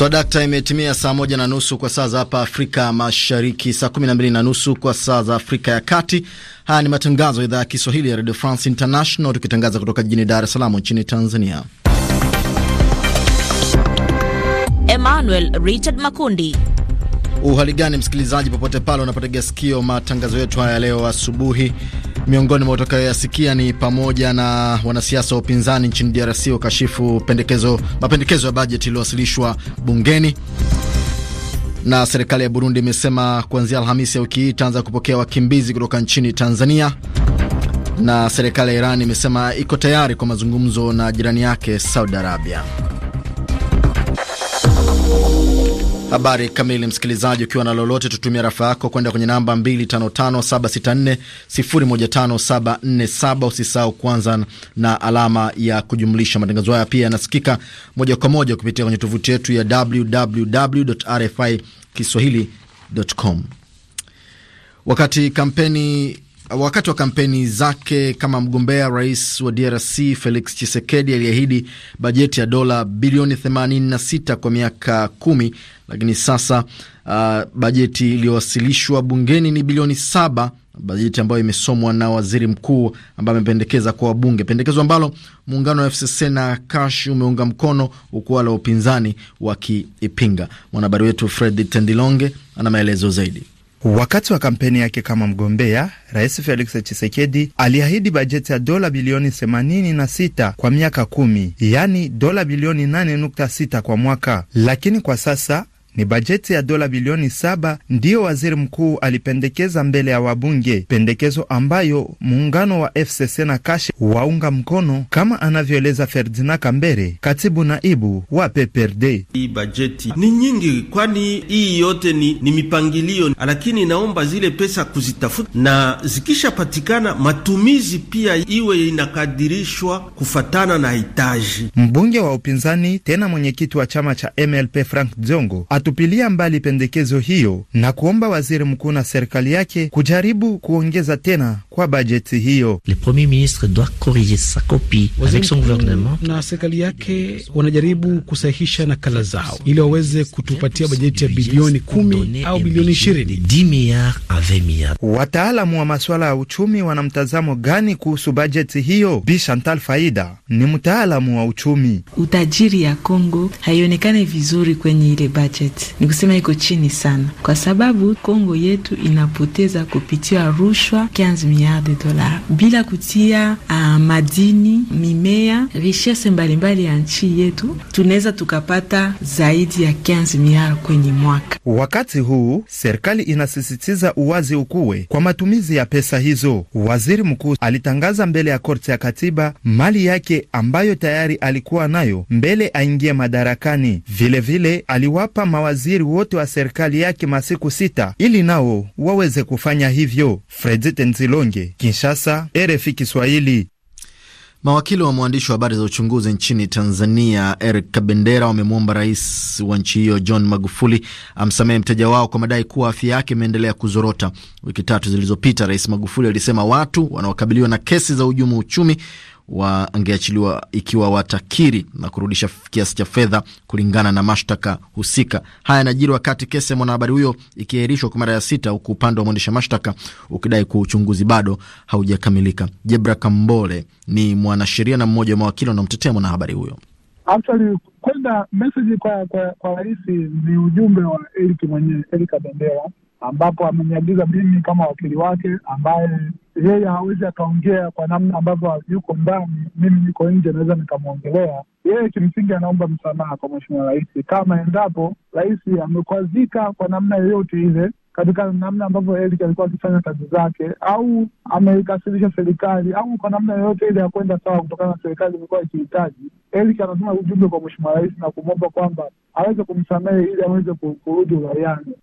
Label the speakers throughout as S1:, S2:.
S1: Swadakta dakta, imetimia saa moja na nusu kwa saa za hapa Afrika Mashariki, saa kumi na mbili na nusu kwa saa za Afrika ya Kati. Haya ni matangazo ya idhaa ya Kiswahili ya Radio France International, tukitangaza kutoka jijini Dar es Salaam nchini Tanzania.
S2: Emmanuel Richard Makundi.
S1: Uhali gani msikilizaji, popote pale unapotega sikio matangazo yetu haya leo asubuhi Miongoni mwa utakayoyasikia ni pamoja na wanasiasa wa upinzani nchini DRC wakashifu pendekezo, mapendekezo ya bajeti iliyowasilishwa bungeni, na serikali ya Burundi imesema kuanzia Alhamisi ya wiki hii itaanza kupokea wakimbizi kutoka nchini Tanzania, na serikali ya Iran imesema iko tayari kwa mazungumzo na jirani yake Saudi Arabia. Habari kamili, msikilizaji, ukiwa na lolote, tutumia rafa yako kwenda kwenye namba 255764015747. Usisahau kwanza na alama ya kujumlisha. Matangazo haya pia yanasikika moja kwa moja kupitia kwenye tovuti yetu ya www.rfi kiswahili.com. Wakati kampeni Wakati wa kampeni zake kama mgombea rais wa DRC Felix chisekedi aliahidi bajeti ya dola bilioni 86 kwa miaka kumi, lakini sasa uh, bajeti iliyowasilishwa bungeni ni bilioni saba, bajeti ambayo imesomwa na waziri mkuu ambaye amependekeza kwa wabunge, pendekezo ambalo muungano wa FCC na Kash umeunga mkono huku wa upinzani wakiipinga. Mwanahabari wetu Fred Tendilonge ana maelezo zaidi. Wakati wa kampeni yake kama mgombea, Rais
S3: Felix Tshisekedi aliahidi bajeti ya dola bilioni 86 kwa miaka kumi, yaani dola bilioni 8.6 kwa mwaka, lakini kwa sasa ni bajeti ya dola bilioni saba ndiyo waziri mkuu alipendekeza mbele ya wabunge, pendekezo ambayo muungano wa FCC na Kashe waunga mkono, kama anavyoeleza Ferdinand Kambere, katibu naibu wa PPRD.
S4: Hii bajeti ni nyingi, kwani
S5: hii yote ni, ni mipangilio, lakini naomba zile pesa kuzitafuta na zikishapatikana matumizi pia iwe inakadirishwa kufatana na hitaji.
S3: Mbunge wa upinzani tena mwenyekiti wa chama cha MLP Frank Jongo atu kutupilia mbali pendekezo hiyo na kuomba waziri mkuu na serikali yake kujaribu kuongeza tena kwa bajeti hiyo.
S5: Na serikali yake wanajaribu kusahihisha nakala zao ili waweze kutupatia bajeti ya bilioni kumi au bilioni ishirini. Wataalamu wa masuala ya
S3: uchumi wana mtazamo gani kuhusu bajeti hiyo? Bi Chantal Faida ni mtaalamu wa
S6: uchumi. Utajiri ya Kongo haionekani vizuri kwenye ile bajeti bajeti, ni kusema iko chini sana, kwa sababu Kongo yetu inapoteza kupitia rushwa 15 miliardi dola, bila kutia uh, madini, mimea, richesse mbalimbali ya nchi yetu, tunaweza tukapata zaidi ya 15 miliardi kwenye mwaka.
S3: Wakati huu serikali inasisitiza uwazi ukuwe kwa matumizi ya pesa hizo. Waziri mkuu alitangaza mbele ya korti ya katiba mali yake ambayo tayari alikuwa nayo mbele aingie madarakani. Vilevile vile, aliwapa mawaziri wote wa serikali yake masiku sita ili nao waweze kufanya hivyo. Fredi Tenzilonge,
S1: Kinshasa, RFI Kiswahili. Mawakili wa mwandishi wa habari za uchunguzi nchini Tanzania Eric Kabendera wamemwomba rais wa nchi hiyo John Magufuli amsamehe mteja wao kwa madai kuwa afya yake imeendelea kuzorota. Wiki tatu zilizopita, Rais Magufuli alisema watu wanaokabiliwa na kesi za uhujumu uchumi wangeachiliwa ikiwa watakiri na kurudisha kiasi cha fedha kulingana na mashtaka husika. Haya yanajiri wakati kesi ya mwanahabari huyo ikiahirishwa kwa mara ya sita, huku upande wa mwendesha mashtaka ukidai kuwa uchunguzi bado haujakamilika. Jebra Kambole ni mwanasheria na mmoja wa mawakili wanaomtetea mwanahabari huyo.
S7: Actually, kwenda meseji kwa kwa, kwa raisi ni ujumbe wa Eriki mwenyewe, Erika Bendera ambapo ameniagiza mimi kama wakili wake ambaye yeye hawezi akaongea kwa namna ambavyo yuko ndani, mimi niko nje, naweza nikamwongelea yeye. Kimsingi anaomba msamaha kwa Mheshimiwa Rais kama endapo rais amekwazika kwa namna yoyote ile katika namna ambavyo Eric alikuwa akifanya kazi zake, au ameikasirisha serikali, au kwa namna yoyote ile ya kwenda sawa, kutokana na serikali imekuwa ikihitaji. Eric anatuma ujumbe kwa Mheshimiwa Rais na kumwomba kwamba aweze kumsamehe ili aweze kurudi uraiani.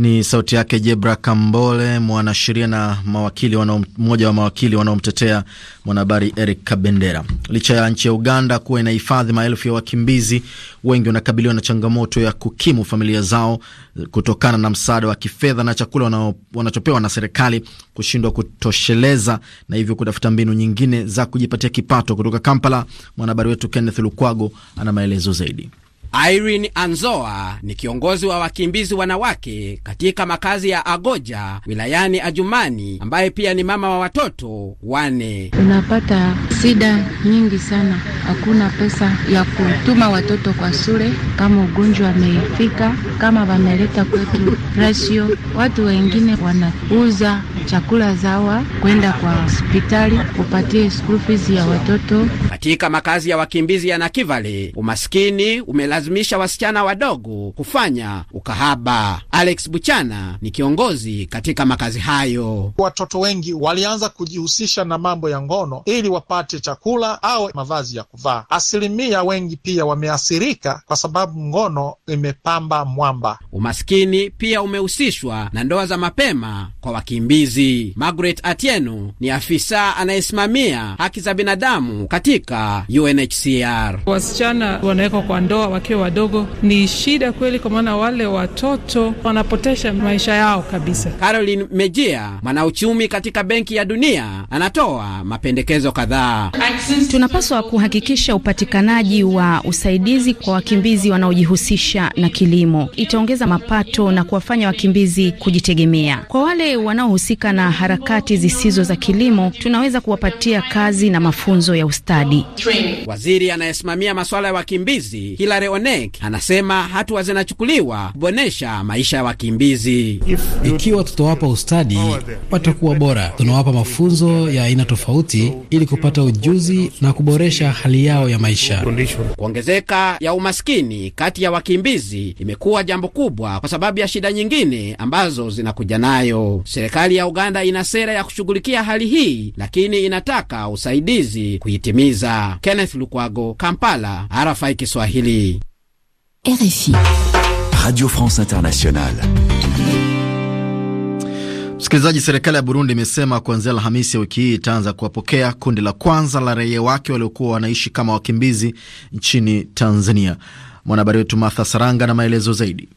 S1: Ni sauti yake Jebra Kambole, mwanasheria na mawakili mmoja wa mawakili wanaomtetea mwanahabari Eric Kabendera. Licha ya nchi ya Uganda kuwa inahifadhi maelfu ya wakimbizi, wengi wanakabiliwa na changamoto ya kukimu familia zao kutokana na msaada wa kifedha na chakula wanachopewa na serikali kushindwa kutosheleza, na hivyo kutafuta mbinu nyingine za kujipatia kipato. Kutoka Kampala, mwanahabari wetu Kenneth Lukwago ana maelezo zaidi.
S8: Irene Anzoa ni kiongozi wa wakimbizi wanawake katika makazi ya Agoja wilayani Ajumani, ambaye pia ni mama wa watoto wane.
S6: Tunapata shida nyingi sana, hakuna pesa ya kutuma watoto kwa shule, kama ugonjwa ameifika, kama wameleta kwetu rasio. Watu wengine wanauza chakula zawa kwenda kwa hospitali kupatie school fees ya watoto.
S8: Katika makazi ya wakimbizi ya Nakivale umaskini umela kulazimisha wasichana wadogo kufanya ukahaba. Alex Buchana ni kiongozi katika makazi hayo. Watoto wengi walianza kujihusisha na mambo ya ngono ili wapate chakula au mavazi ya kuvaa.
S9: Asilimia wengi pia wameathirika kwa sababu ngono imepamba mwamba.
S8: Umaskini pia umehusishwa na ndoa za mapema kwa wakimbizi. Margaret Atieno ni afisa anayesimamia haki za binadamu katika UNHCR. Wasichana wanawekwa kwa ndoa wanawake wadogo ni shida kweli, kwa maana wale watoto wanapotesha maisha yao kabisa. Caroline Mejia, mwanauchumi katika Benki ya Dunia, anatoa mapendekezo kadhaa.
S6: Tunapaswa kuhakikisha upatikanaji wa usaidizi kwa wakimbizi wanaojihusisha na kilimo. Itaongeza mapato na kuwafanya wakimbizi kujitegemea. Kwa wale wanaohusika na harakati zisizo za kilimo, tunaweza kuwapatia kazi na mafunzo ya ustadi. Waziri
S8: anayesimamia masuala ya wakimbizi Hilary Monek anasema hatua zinachukuliwa kuboresha maisha ya wakimbizi. Ikiwa tutawapa ustadi, watakuwa bora. Tunawapa mafunzo ya aina tofauti ili kupata ujuzi na kuboresha hali yao ya maisha. Kuongezeka ya umaskini kati ya wakimbizi imekuwa jambo kubwa kwa sababu ya shida nyingine ambazo zinakuja nayo. Serikali ya Uganda ina sera ya kushughulikia hali hii, lakini inataka usaidizi kuitimiza. Kenneth Lukwago,
S1: Kampala, RFI Kiswahili. RFI. Radio France Internationale. Msikilizaji, serikali ya Burundi imesema kuanzia Alhamisi ya wiki hii itaanza kuwapokea kundi la kwanza la raia wake waliokuwa wanaishi kama wakimbizi nchini Tanzania. Mwanahabari wetu Martha Saranga na maelezo zaidi.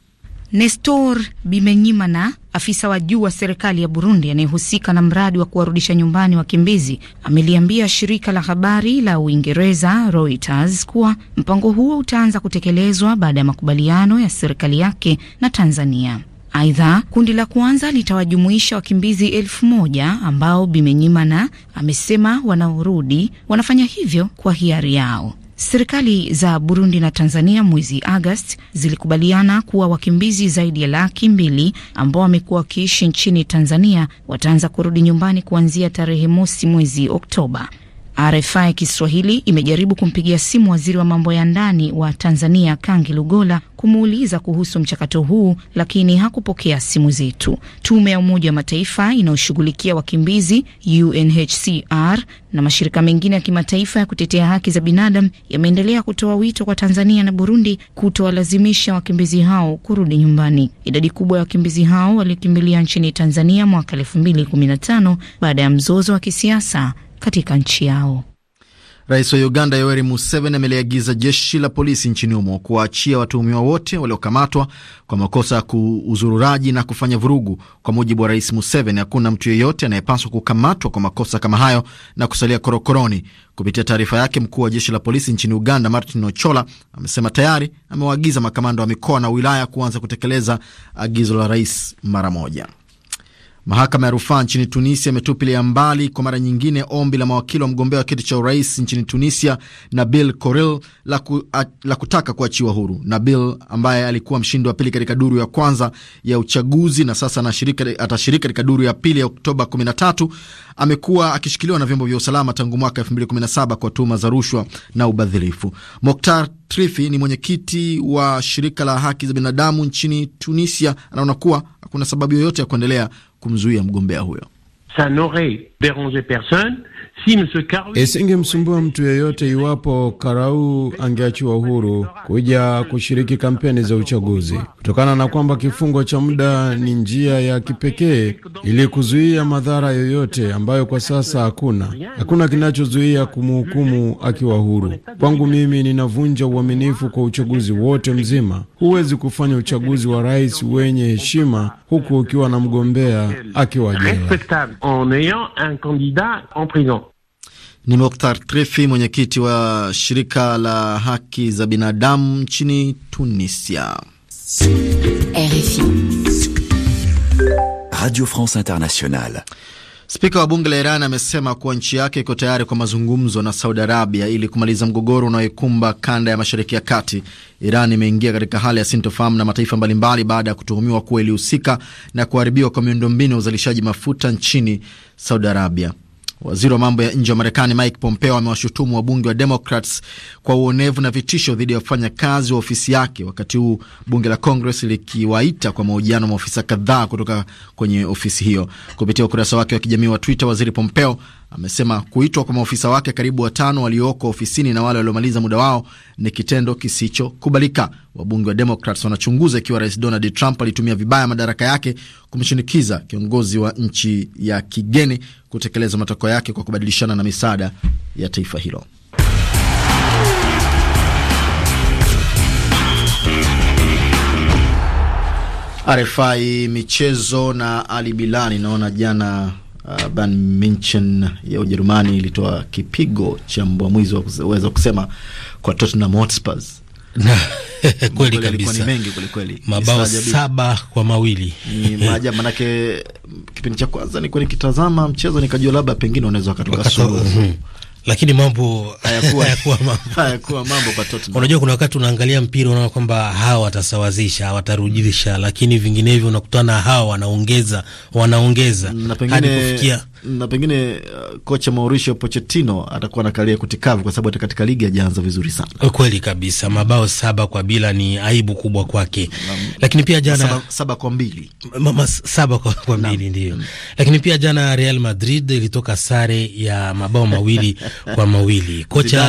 S2: Nestor Bimenyimana, afisa wa juu wa serikali ya Burundi anayehusika na mradi wa kuwarudisha nyumbani wakimbizi, ameliambia shirika la habari la Uingereza Reuters kuwa mpango huo utaanza kutekelezwa baada ya makubaliano ya serikali yake na Tanzania. Aidha, kundi la kwanza litawajumuisha wakimbizi elfu moja ambao Bimenyimana amesema wanaorudi wanafanya hivyo kwa hiari yao. Serikali za Burundi na Tanzania mwezi Agosti zilikubaliana kuwa wakimbizi zaidi ya laki mbili ambao wamekuwa wakiishi nchini Tanzania wataanza kurudi nyumbani kuanzia tarehe mosi mwezi Oktoba. RFI Kiswahili imejaribu kumpigia simu waziri wa mambo ya ndani wa Tanzania Kangi Lugola kumuuliza kuhusu mchakato huu, lakini hakupokea simu zetu. Tume ya Umoja wa Mataifa inayoshughulikia wakimbizi UNHCR na mashirika mengine ya kimataifa ya kutetea haki za binadamu yameendelea kutoa wito kwa Tanzania na Burundi kutowalazimisha wakimbizi hao kurudi nyumbani. Idadi kubwa ya wakimbizi hao walikimbilia nchini Tanzania mwaka 2015 baada ya mzozo wa kisiasa katika nchi yao.
S1: Rais wa Uganda Yoweri Museveni ameliagiza jeshi la polisi nchini humo kuwaachia watuhumiwa wote waliokamatwa kwa makosa ya kuuzururaji na kufanya vurugu. Kwa mujibu wa Rais Museveni, hakuna mtu yeyote anayepaswa kukamatwa kwa makosa kama hayo na kusalia korokoroni. Kupitia taarifa yake, mkuu wa jeshi la polisi nchini Uganda Martin Ochola amesema tayari amewaagiza makamanda wa mikoa na wilaya kuanza kutekeleza agizo la rais mara moja. Mahakama ya rufaa nchini Tunisia imetupilia mbali kwa mara nyingine ombi la mawakili wa mgombea wa kiti cha urais nchini Tunisia, Nabil Korel la, ku, la kutaka kuachiwa huru. Nabil ambaye alikuwa mshindi wa pili katika duru ya kwanza ya uchaguzi na sasa atashiriki katika duru ya pili ya Oktoba 13 amekuwa akishikiliwa na vyombo vya usalama tangu mwaka 2017 kwa tuhuma za rushwa na ubadhilifu. Moktar Trifi ni mwenyekiti wa shirika la haki za binadamu nchini Tunisia, anaona kuwa kuna sababu yoyote ya kuendelea kumzuia mgombea huyo? Isingemsumbua mtu yeyote iwapo
S8: Karau angeachiwa huru kuja kushiriki kampeni za uchaguzi, kutokana na kwamba kifungo cha muda ni njia ya kipekee ili kuzuia madhara yoyote ambayo kwa sasa hakuna. Hakuna kinachozuia kumhukumu akiwa huru. Kwangu mimi, ninavunja uaminifu kwa uchaguzi wote mzima. Huwezi kufanya uchaguzi wa rais wenye heshima huku ukiwa na mgombea akiwa
S1: jela. Ni Moktar Trefi, mwenyekiti wa shirika la haki za binadamu nchini Tunisia. RFI Radio France Internationale. Spika wa bunge la Iran amesema kuwa nchi yake iko tayari kwa mazungumzo na Saudi Arabia ili kumaliza mgogoro unaoikumba kanda ya mashariki ya kati. Iran imeingia katika hali ya sintofahamu na mataifa mbalimbali baada ya kutuhumiwa kuwa ilihusika na kuharibiwa kwa miundombinu ya uzalishaji mafuta nchini Saudi Arabia. Waziri wa mambo ya nje wa Marekani Mike Pompeo amewashutumu wabunge wa Democrats kwa uonevu na vitisho dhidi ya wafanyakazi wa ofisi yake, wakati huu bunge la Congress likiwaita kwa mahojiano maofisa kadhaa kutoka kwenye ofisi hiyo. Kupitia ukurasa wake wa kijamii wa Twitter, waziri Pompeo amesema kuitwa kwa maofisa wake karibu watano walioko ofisini na wale waliomaliza muda wao ni kitendo kisichokubalika. Wabunge wa Democrats wanachunguza ikiwa rais Donald Trump alitumia vibaya madaraka yake kumshinikiza kiongozi wa nchi ya kigeni kutekeleza matakwa yake kwa kubadilishana na misaada ya taifa hilo. RFI michezo na Ali Bilani, naona jana uh, Bayern Munchen ya Ujerumani ilitoa kipigo cha mbwa mwizi, waweza kusema kwa Tottenham Hotspur kweli kabisa, mengi kweli kweli, mabao saba kwa mawili ni maajabu. Manake kipindi cha kwanza nilikuwa nikitazama mchezo nikajua labda pengine wanaweza wakatoka suluhu mhm lakini mambo hayakuwa hayakuwa mambo hayakuwa mambo kwa Tottenham. Unajua, kuna
S5: wakati unaangalia mpira unaona kwamba hawa watasawazisha, watarudisha, lakini vinginevyo unakutana hawa wanaongeza wanaongeza hadi kufikia
S1: na pengine uh, kocha Mauricio Pochettino atakuwa nakalia kutikavu kwa sababu hata katika ligi hajaanza vizuri sana.
S5: Kweli kabisa, mabao saba kwa bila ni aibu kubwa kwake, lakini pia jana saba, saba kwa mbili mama saba kwa, kwa mbili ndio, mm. lakini pia jana Real Madrid ilitoka sare ya mabao mawili kwa mawili. Kocha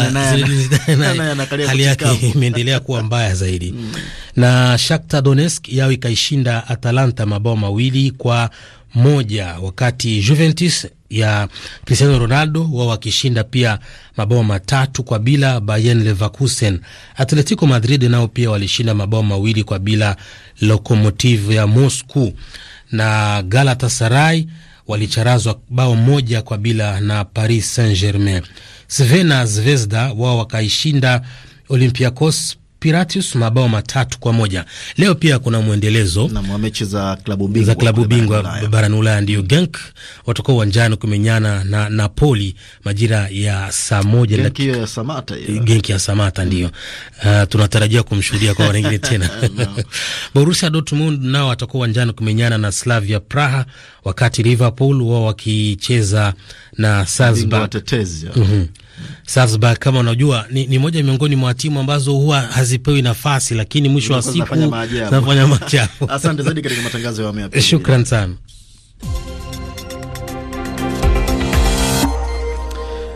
S5: hali yake imeendelea kuwa mbaya zaidi mm. na Shakhtar Donetsk yao ikaishinda Atalanta mabao mawili kwa moja, wakati Juventus ya Cristiano Ronaldo wao wakishinda pia mabao matatu kwa bila Bayern Leverkusen. Atletico Madrid nao pia walishinda mabao mawili kwa bila Lokomotiv ya Moscow, na Galatasaray walicharazwa bao moja kwa bila na Paris Saint Germain. Svena Zvezda wao wakaishinda Olympiacos Pirates mabao matatu kwa moja. Leo pia kuna mwendelezo na mechi za klabu bingwa za klabu bingwa barani Ulaya, ndio Genk watakuwa uwanjani kumenyana na Napoli majira ya saa moja. Genki
S1: ya Samata, Genki ya Samata
S5: mm. ndio uh, tunatarajia kumshuhudia kwa wengine tena Borussia Dortmund nao watakuwa uwanjani kumenyana na Slavia Praha, wakati Liverpool wao wakicheza na Salzburg mm -hmm. Salzburg kama unajua ni, ni moja miongoni mwa timu ambazo huwa hazipewi nafasi, lakini mwisho wa siku zinafanya maajabu. Asante
S1: zaidi katika matangazo ya wameapi. Shukran sana.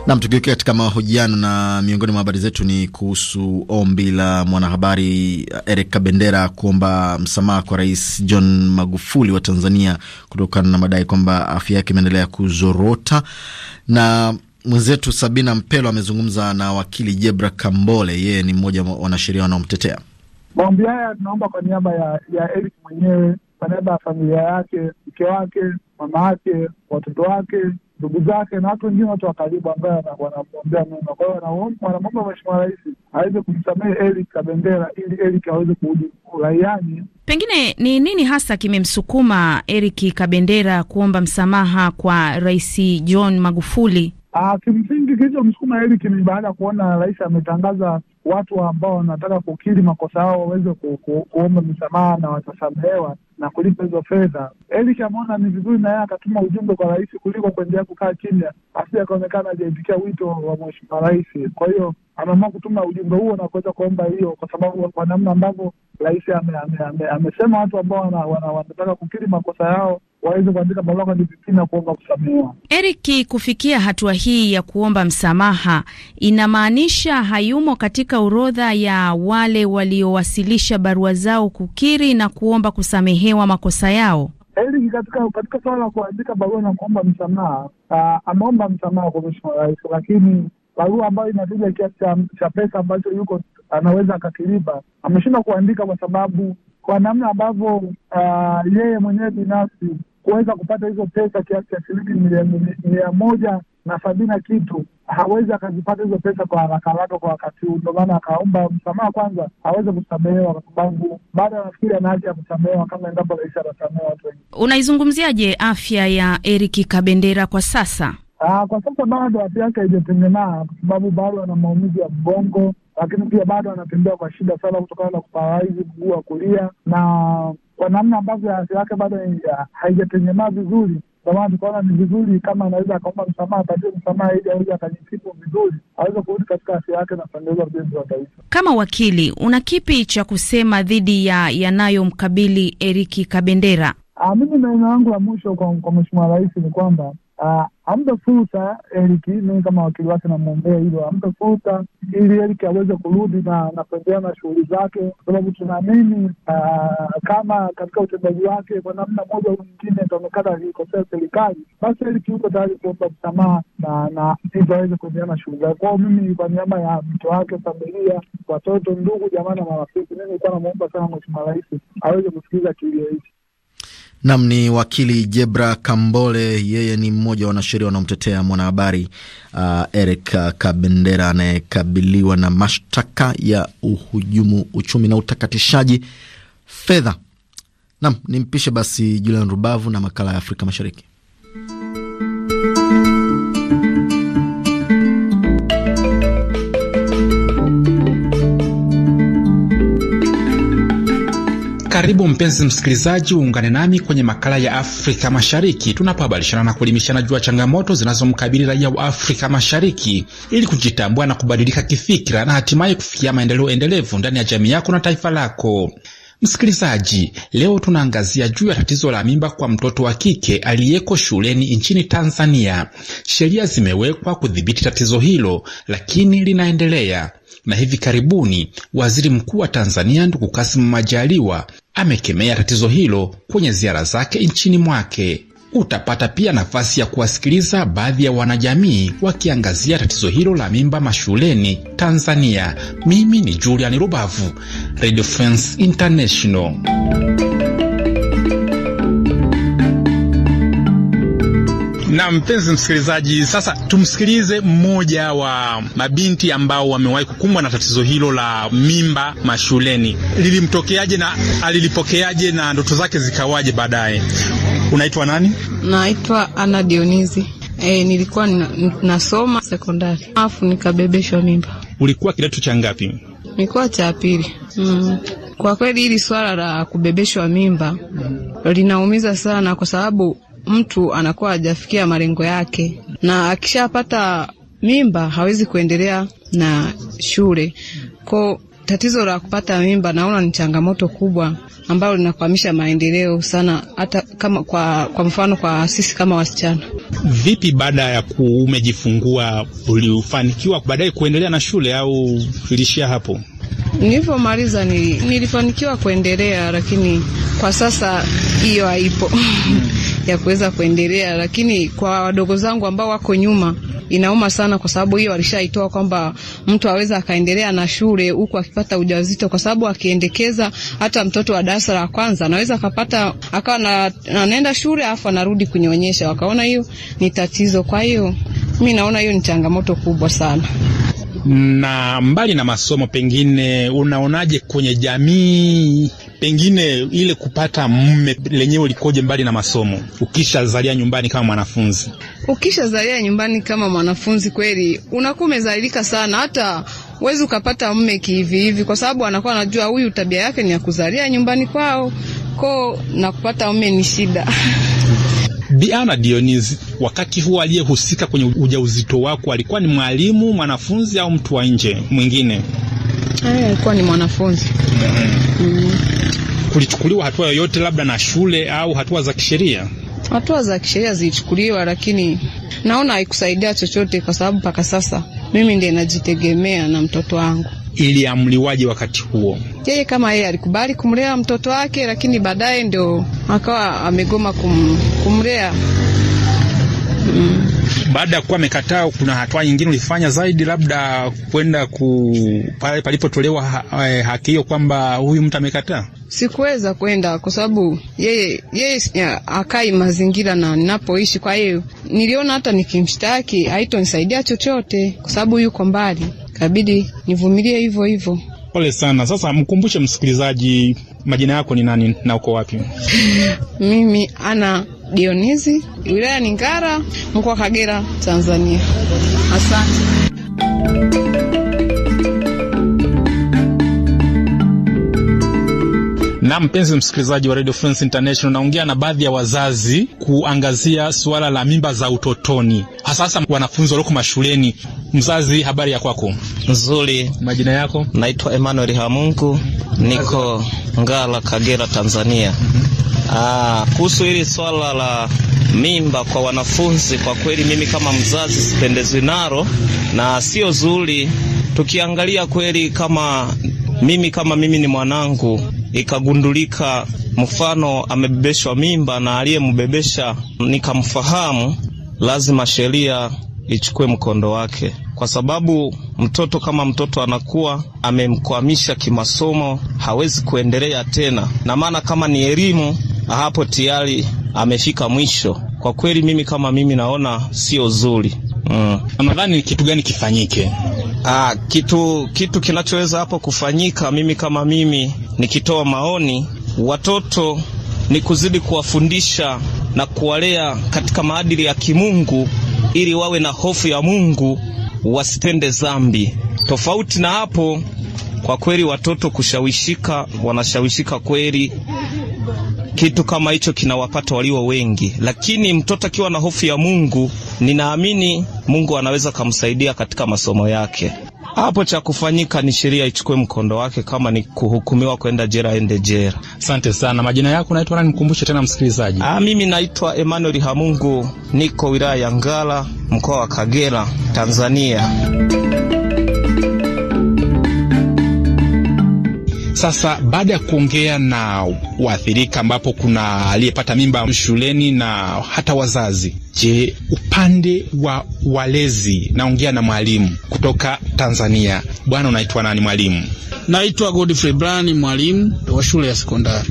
S1: Nam, tukiukia katika mahojiano na miongoni mwa habari zetu ni kuhusu ombi la mwanahabari eh, Eric Kabendera kuomba msamaha kwa Rais John Magufuli wa Tanzania kutokana na madai kwamba afya yake imeendelea kuzorota na mwenzetu Sabina Mpelo amezungumza na wakili Jebra Kambole, yeye ni mmoja wa wanasheria wanaomtetea.
S7: Maombi haya tunaomba kwa niaba ya, ya Eric mwenyewe, kwa niaba ya familia yake, mke wake, mama yake, watoto wake, ndugu zake na watu wengine, watu wa karibu ambayo wanamwombea mema. Kwa hiyo wanamwomba Mheshimiwa Rais aweze kumsamehe Eric Kabendera ili Eric aweze kurudi uraiani. Pengine ni
S6: nini hasa kimemsukuma Eric Kabendera kuomba msamaha kwa Rais
S7: John Magufuli? Ah, kimsingi kilichomsukuma Eric ni baada ya kuona rais ametangaza watu ambao wanataka kukiri makosa yao waweze ku, ku, kuomba msamaha na watasamehewa na kulipa hizo fedha. Elisha ameona ni vizuri na yeye akatuma ujumbe kwa rais kuliko kuendelea kukaa kimya, asi akaonekana ajaitikia wito wa mheshimiwa rais. Kwa hiyo ameamua kutuma ujumbe huo na kuweza kuomba hiyo, kwa sababu kwa namna ambavyo rais amesema ame, ame, ame watu ambao wanataka wana, wana kukiri makosa yao waweze kuandika barua kwa DPP na kuomba kusamehewa.
S6: erik kufikia hatua hii ya kuomba msamaha inamaanisha hayumo katika katika orodha ya wale waliowasilisha barua zao kukiri na kuomba kusamehewa makosa yao?
S7: Eli, katika katika suala la kuandika barua na kuomba msamaha, ah, ameomba msamaha kwa Mheshimiwa Rais, lakini barua ambayo inakuja kiasi cha pesa ambacho yuko anaweza akakilipa ameshindwa kuandika, kwa sababu kwa namna ambavyo ah, yeye mwenyewe binafsi kuweza kupata hizo pesa kiasi cha shilingi milioni mia moja na sabini na kitu hawezi akazipata hizo pesa kwa haraka haraka kwa wakati huu. Ndio maana akaomba msamaha kwanza aweze kusamehewa, kwa sababu bado anafikiri ana haki ya kusamehewa kama endapo rais atasamehe
S6: watu wengi. Unaizungumziaje afya ya Eric Kabendera kwa sasa?
S7: Aa, ah, kwa sasa bado afya yake haijatengemaa kwa sababu bado ana maumivu ya mgongo, lakini pia bado anatembea kwa shida sana kutokana na kuparalyze mguu wa kulia na kwa namna ambavyo afya yake bado haijatengemaa vizuri, maana tukaona ni vizuri kama anaweza akaomba msamaha, apatie msamaha ili aweze akajitibu vizuri, aweze kurudi katika afya yake na kuendeleza ujenzi wa taifa.
S6: Kama wakili, una kipi cha kusema dhidi ya yanayomkabili Eriki Kabendera?
S7: Ah, mimi maeneo yangu la mwisho kwa, kwa mheshimiwa rais ni kwamba Uh, ampe fursa eriki mimi kama wakili wake namwombea hilo, ampe fursa ili eriki aweze kurudi na na kuendelea na shughuli zake, kwa sababu tunaamini uh, kama katika utendaji wake kwa namna moja au nyingine itaonekana alikosea serikali, basi Eric yuko tayari kuomba msamaha na na hivyo aweze kuendelea na shughuli zake. Kwao mimi, kwa niaba ya mke wake, familia, watoto, ndugu, jamaa na marafiki, mimi nilikuwa namwomba sana Mheshimiwa Rais aweze kusikiliza kilio hichi.
S1: Nam ni wakili Jebra Kambole, yeye ni mmoja wa wanasheria wanaomtetea mwanahabari uh, Eric Kabendera anayekabiliwa na mashtaka ya uhujumu uchumi na utakatishaji fedha. Nam ni mpishe basi Julian Rubavu na makala ya Afrika Mashariki.
S9: Karibu mpenzi msikilizaji, uungane nami kwenye makala ya Afrika Mashariki tunapohabarishana na kuelimishana juu ya changamoto zinazomkabili raia wa Afrika Mashariki ili kujitambua na kubadilika kifikira na hatimaye kufikia maendeleo endelevu ndani ya jamii yako na taifa lako. Msikilizaji, leo tunaangazia juu ya tatizo la mimba kwa mtoto wa kike aliyeko shuleni nchini Tanzania. Sheria zimewekwa kudhibiti tatizo hilo, lakini linaendelea na hivi karibuni waziri mkuu wa Tanzania ndugu Kassim Majaliwa amekemea tatizo hilo kwenye ziara zake nchini mwake. Utapata pia nafasi ya kuwasikiliza baadhi ya wanajamii wakiangazia tatizo hilo la mimba mashuleni Tanzania. Mimi ni Julian Rubavu, Radio France International. Na mpenzi msikilizaji, sasa tumsikilize mmoja wa mabinti ambao wamewahi kukumbwa na tatizo hilo la mimba mashuleni. Lilimtokeaje na alilipokeaje na ndoto zake zikawaje baadaye? Unaitwa nani?
S10: Naitwa Ana Dionizi. E, nilikuwa nasoma sekondari alafu nikabebeshwa mimba.
S9: Ulikuwa kidato cha ngapi?
S10: Nilikuwa cha pili. Mm. Kwa kweli hili swala la kubebeshwa mimba mm. linaumiza sana, kwa sababu mtu anakuwa hajafikia malengo yake, na akishapata mimba hawezi kuendelea na shule. Kwa tatizo la kupata mimba, naona ni changamoto kubwa ambalo linakwamisha maendeleo sana, hata kama kwa, kwa mfano kwa sisi kama wasichana.
S9: Vipi baada ya kuumejifungua, ulifanikiwa baadaye kuendelea na shule au ilishia hapo?
S10: Nilivyomaliza nilifanikiwa kuendelea, lakini kwa sasa hiyo haipo. ya kuweza kuendelea, lakini kwa wadogo zangu ambao wako nyuma inauma sana, kwa sababu hiyo walishaitoa kwamba mtu aweza akaendelea na shule huku akipata ujauzito, kwa sababu akiendekeza hata mtoto wa darasa la kwanza anaweza akapata akawa anaenda shule afu anarudi kunyonyesha, wakaona hiyo ni tatizo. Kwa hiyo mi naona hiyo ni changamoto kubwa sana
S9: na mbali na masomo, pengine unaonaje kwenye jamii Pengine ile kupata mme lenyewe likoje mbali na masomo? Ukishazalia nyumbani kama mwanafunzi,
S10: ukishazalia nyumbani kama mwanafunzi, kweli unakuwa umezalilika sana, hata uwezi ukapata mme kihivihivi hivi, kwa sababu anakuwa anajua huyu tabia yake ni ya kuzalia nyumbani kwao, ko na kupata mme ni shida.
S9: Biana Dionis, wakati huo aliyehusika kwenye ujauzito wako alikuwa ni mwalimu, mwanafunzi au mtu wa nje mwingine?
S10: Haya, alikuwa ni mwanafunzi
S9: mm. Kulichukuliwa hatua yoyote labda na shule au hatua za kisheria?
S10: Hatua za kisheria zilichukuliwa, lakini naona haikusaidia chochote, kwa sababu mpaka sasa mimi ndiye najitegemea na mtoto wangu.
S9: Iliamliwaje wakati huo?
S10: Yeye kama yeye alikubali kumlea mtoto wake, lakini baadaye ndio akawa amegoma kum, kumlea
S9: mm baada ya kuwa amekataa, kuna hatua nyingine ulifanya zaidi, labda kwenda ku pale palipotolewa ha, ha, eh, haki hiyo kwamba huyu mtu amekataa?
S10: Sikuweza kwenda kwa sababu yeye yeye akai mazingira na ninapoishi. Kwa hiyo niliona hata nikimshtaki haitonisaidia chochote, kwa sababu yuko mbali, kabidi nivumilie hivyo hivyo.
S9: Pole sana. Sasa mkumbushe msikilizaji majina yako ni nani na uko wapi?
S10: Mimi ana Dionizi, wilaya ni Ngara, mkoa wa Kagera, Tanzania. Asante.
S9: Na mpenzi msikilizaji wa Radio France International, naongea na baadhi ya wazazi kuangazia suala la mimba za utotoni,
S4: hasa hasa wanafunzi walioko mashuleni. Mzazi, habari ya kwako? Nzuri. Majina yako? Naitwa Emmanuel Hamungu, niko Ngala, Kagera, Tanzania. Mhm. Ah, kuhusu hili swala la mimba kwa wanafunzi, kwa kweli mimi kama mzazi sipendezwi nalo na sio zuri. Tukiangalia kweli, kama mimi kama mimi ni mwanangu ikagundulika mfano amebebeshwa mimba na aliyembebesha nikamfahamu, lazima sheria ichukue mkondo wake, kwa sababu mtoto kama mtoto anakuwa amemkwamisha kimasomo, hawezi kuendelea tena, na maana kama ni elimu hapo tayari amefika mwisho. Kwa kweli mimi kama mimi naona sio zuri mm. Nadhani kitu gani kifanyike? Ah, kitu, kitu kinachoweza hapo kufanyika, mimi kama mimi nikitoa maoni, watoto ni kuzidi kuwafundisha na kuwalea katika maadili ya kimungu ili wawe na hofu ya Mungu, wasitende zambi. Tofauti na hapo, kwa kweli watoto kushawishika, wanashawishika kweli kitu kama hicho kinawapata walio wengi, lakini mtoto akiwa na hofu ya Mungu, ninaamini Mungu anaweza kumsaidia katika masomo yake. Hapo cha kufanyika ni sheria ichukue mkondo wake. Kama ni kuhukumiwa kwenda jera, ende jera. Asante sana. Majina yako naitwa nani? Nikumbushe tena msikilizaji. Ah, mimi naitwa Emmanuel Hamungu, niko wilaya ya Ngara, mkoa wa Kagera, Tanzania.
S9: Sasa baada ya kuongea na waathirika, ambapo kuna aliyepata mimba shuleni na hata wazazi, je, upande wa walezi, naongea na mwalimu kutoka Tanzania. Bwana, unaitwa nani mwalimu? Naitwa Godfrey Brani, mwalimu wa shule ya sekondari.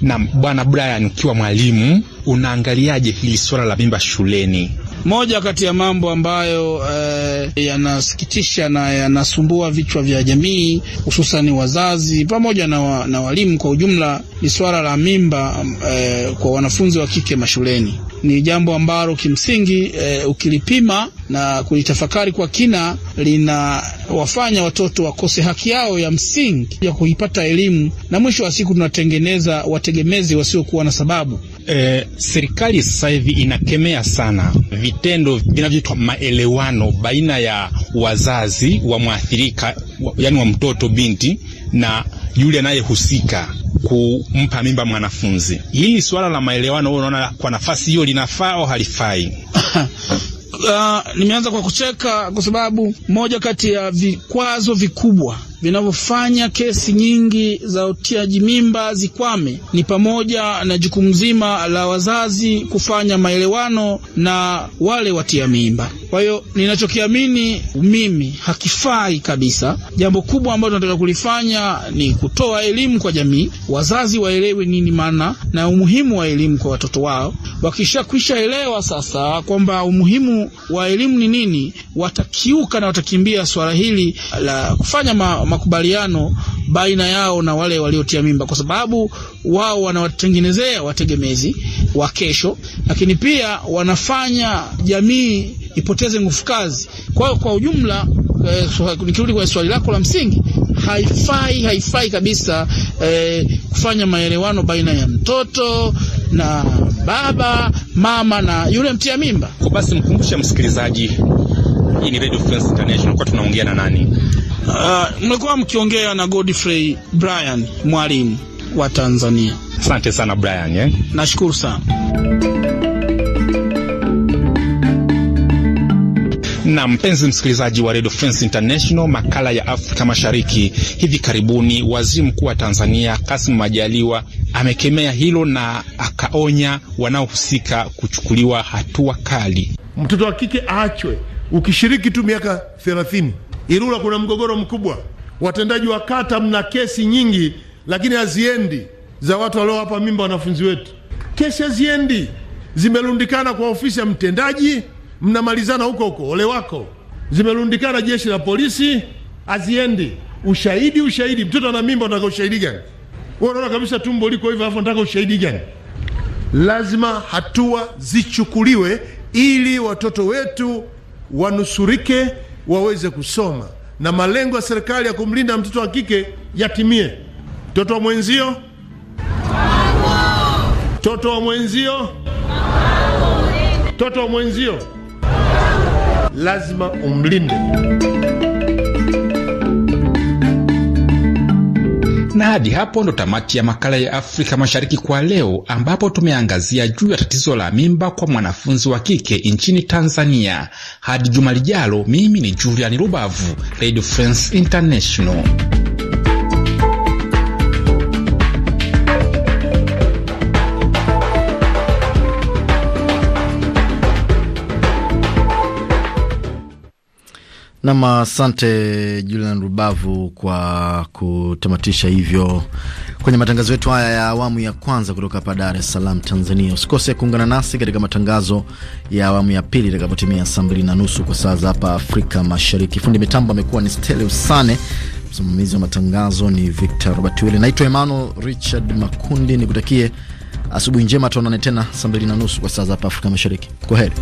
S9: Naam, Bwana Brian, ukiwa mwalimu unaangaliaje hili swala la mimba shuleni? Moja kati ya
S11: mambo ambayo eh, yanasikitisha na yanasumbua vichwa vya jamii hususani wazazi pamoja na, wa, na walimu kwa ujumla ni swala la mimba eh, kwa wanafunzi wa kike mashuleni. Ni jambo ambalo kimsingi eh, ukilipima na kulitafakari kwa kina linawafanya watoto wakose haki yao ya msingi ya kuipata elimu, na mwisho wa siku tunatengeneza wategemezi wasiokuwa na
S9: sababu eh, serikali sasa hivi inakemea sana vitendo vinavyoitwa maelewano baina ya wazazi wa mwathirika, yani wa mtoto binti na yule anayehusika kumpa mimba mwanafunzi. Hili suala la maelewano, wewe unaona kwa nafasi hiyo linafaa au halifai? Uh,
S11: nimeanza kwa kucheka kwa sababu moja
S9: kati ya vikwazo vikubwa
S11: vinavyofanya kesi nyingi za utiaji mimba zikwame ni pamoja na jukumu zima la wazazi kufanya maelewano na wale watia mimba. Kwa hiyo ninachokiamini mimi hakifai kabisa. Jambo kubwa ambalo tunataka kulifanya ni kutoa elimu kwa jamii, wazazi waelewe nini maana na umuhimu wa elimu kwa watoto wao. Wakishakwisha elewa sasa kwamba umuhimu wa elimu ni nini, watakiuka na watakimbia swala hili la kufanya ma makubaliano baina yao na wale waliotia mimba, kwa sababu wao wanawatengenezea wategemezi wa kesho, lakini pia wanafanya jamii ipoteze nguvu kazi. Kwa hiyo kwa ujumla eh, nikirudi kwenye swali lako la msingi, haifai haifai kabisa eh, kufanya maelewano baina ya mtoto na baba mama na yule mtia mimba.
S9: Kwa basi mkumbushe msikilizaji, hii ni Radio France International, kwa tunaongea na nani? Uh, mmekuwa
S11: mkiongea na Godfrey Brian, mwalimu wa Tanzania. Asante sana Brian, eh? Nashukuru sana.
S9: na mpenzi msikilizaji wa Radio France International, makala ya Afrika Mashariki. Hivi karibuni waziri mkuu wa Tanzania Kasim Majaliwa amekemea hilo na akaonya wanaohusika kuchukuliwa hatua kali.
S5: Mtoto wa kike aachwe, ukishiriki tu miaka thelathini Ilula kuna mgogoro mkubwa, watendaji wa kata mna kesi nyingi, lakini haziendi za watu waliowapa mimba wanafunzi wetu. Kesi haziendi, zimerundikana kwa ofisi ya mtendaji, mnamalizana huko huko, ole wako. Zimerundikana jeshi la polisi, haziendi. Ushahidi, ushahidi, mtoto ana mimba, unataka ushahidi gani? Wewe unaona kabisa tumbo liko hivyo, alafu nataka ushahidi gani? Lazima hatua zichukuliwe ili watoto wetu wanusurike waweze kusoma na malengo ya serikali ya kumlinda mtoto wa kike yatimie. Mtoto wa mwenzio, mtoto wa mwenzio, mtoto wa mwenzio, lazima umlinde.
S9: Na hadi hapo ndo tamati ya makala ya Afrika Mashariki kwa leo, ambapo tumeangazia juu ya tatizo la mimba kwa mwanafunzi wa kike nchini Tanzania. Hadi juma lijalo, mimi ni Juliani Rubavu, Radio France International.
S1: Nam, asante Julian Rubavu kwa kutamatisha hivyo kwenye matangazo yetu haya ya awamu ya kwanza kutoka hapa Dar es Salaam, Tanzania. Usikose kuungana nasi katika matangazo ya awamu ya pili itakapotimia saa mbili na nusu kwa saa za hapa Afrika Mashariki. Fundi mitambo amekuwa ni Stele Usane, msimamizi wa matangazo ni Victor Robert Wille. Naitwa Emmanuel Richard Makundi, nikutakie asubuhi njema, tuonane tena saa mbili na nusu kwa saa za hapa Afrika Mashariki. Kwa heri.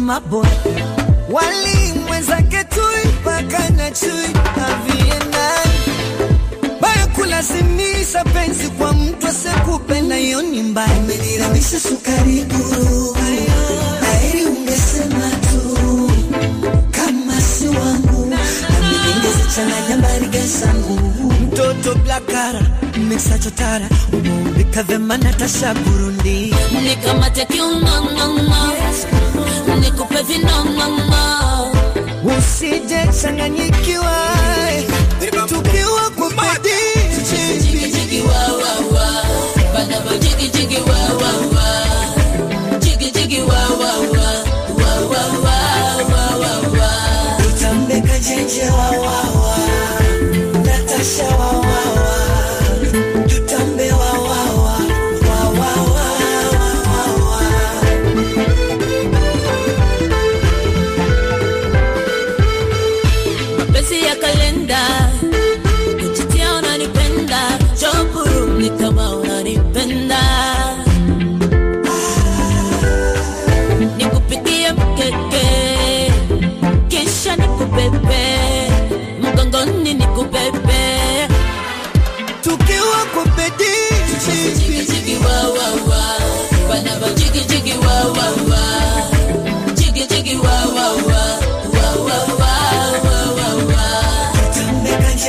S1: my
S5: boy. Wali mwenzake tui paka na chui avienda. Baya kulazimisha penzi kwa mtu asekupenda
S10: hiyo ni mbaya. Umeniramisha sukari guru. Heri ungesema
S5: tu kama si wangu. Na
S6: ningeza Burundi
S5: nikamate kiunonono
S6: nikupe vinong'ong'o, usije changanyikiwa tukiwa kwa wa wa wa wa wa wa wa wa wa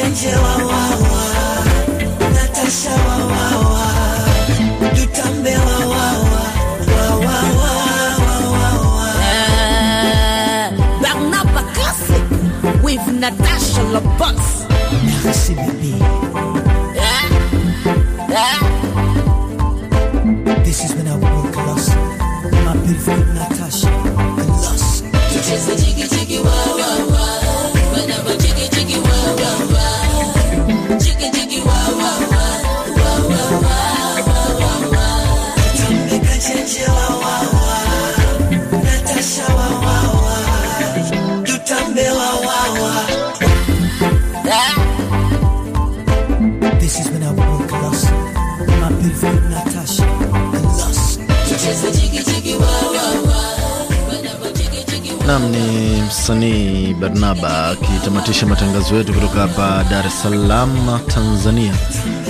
S6: Chenje wawawa, Natasha wawawa, Dutambe wawawa, wawawa, wawawa. Barnaba Classic with Natasha Labus. Merci bébé.
S1: msanii Barnaba akitamatisha matangazo yetu kutoka hapa Dar es Salaam, Tanzania.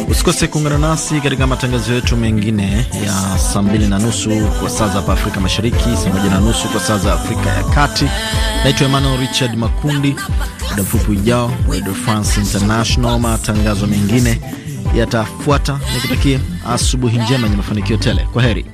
S1: Usikose kuungana nasi katika matangazo yetu mengine ya saa mbili na nusu kwa saa za hapa Afrika Mashariki, saa moja na nusu kwa saa za Afrika ya Kati. Naitwa Emmanuel Richard Makundi. Muda mfupi ujao, Radio France International, matangazo mengine yatafuata. Nikutakie asubuhi njema yenye mafanikio tele. Kwa heri.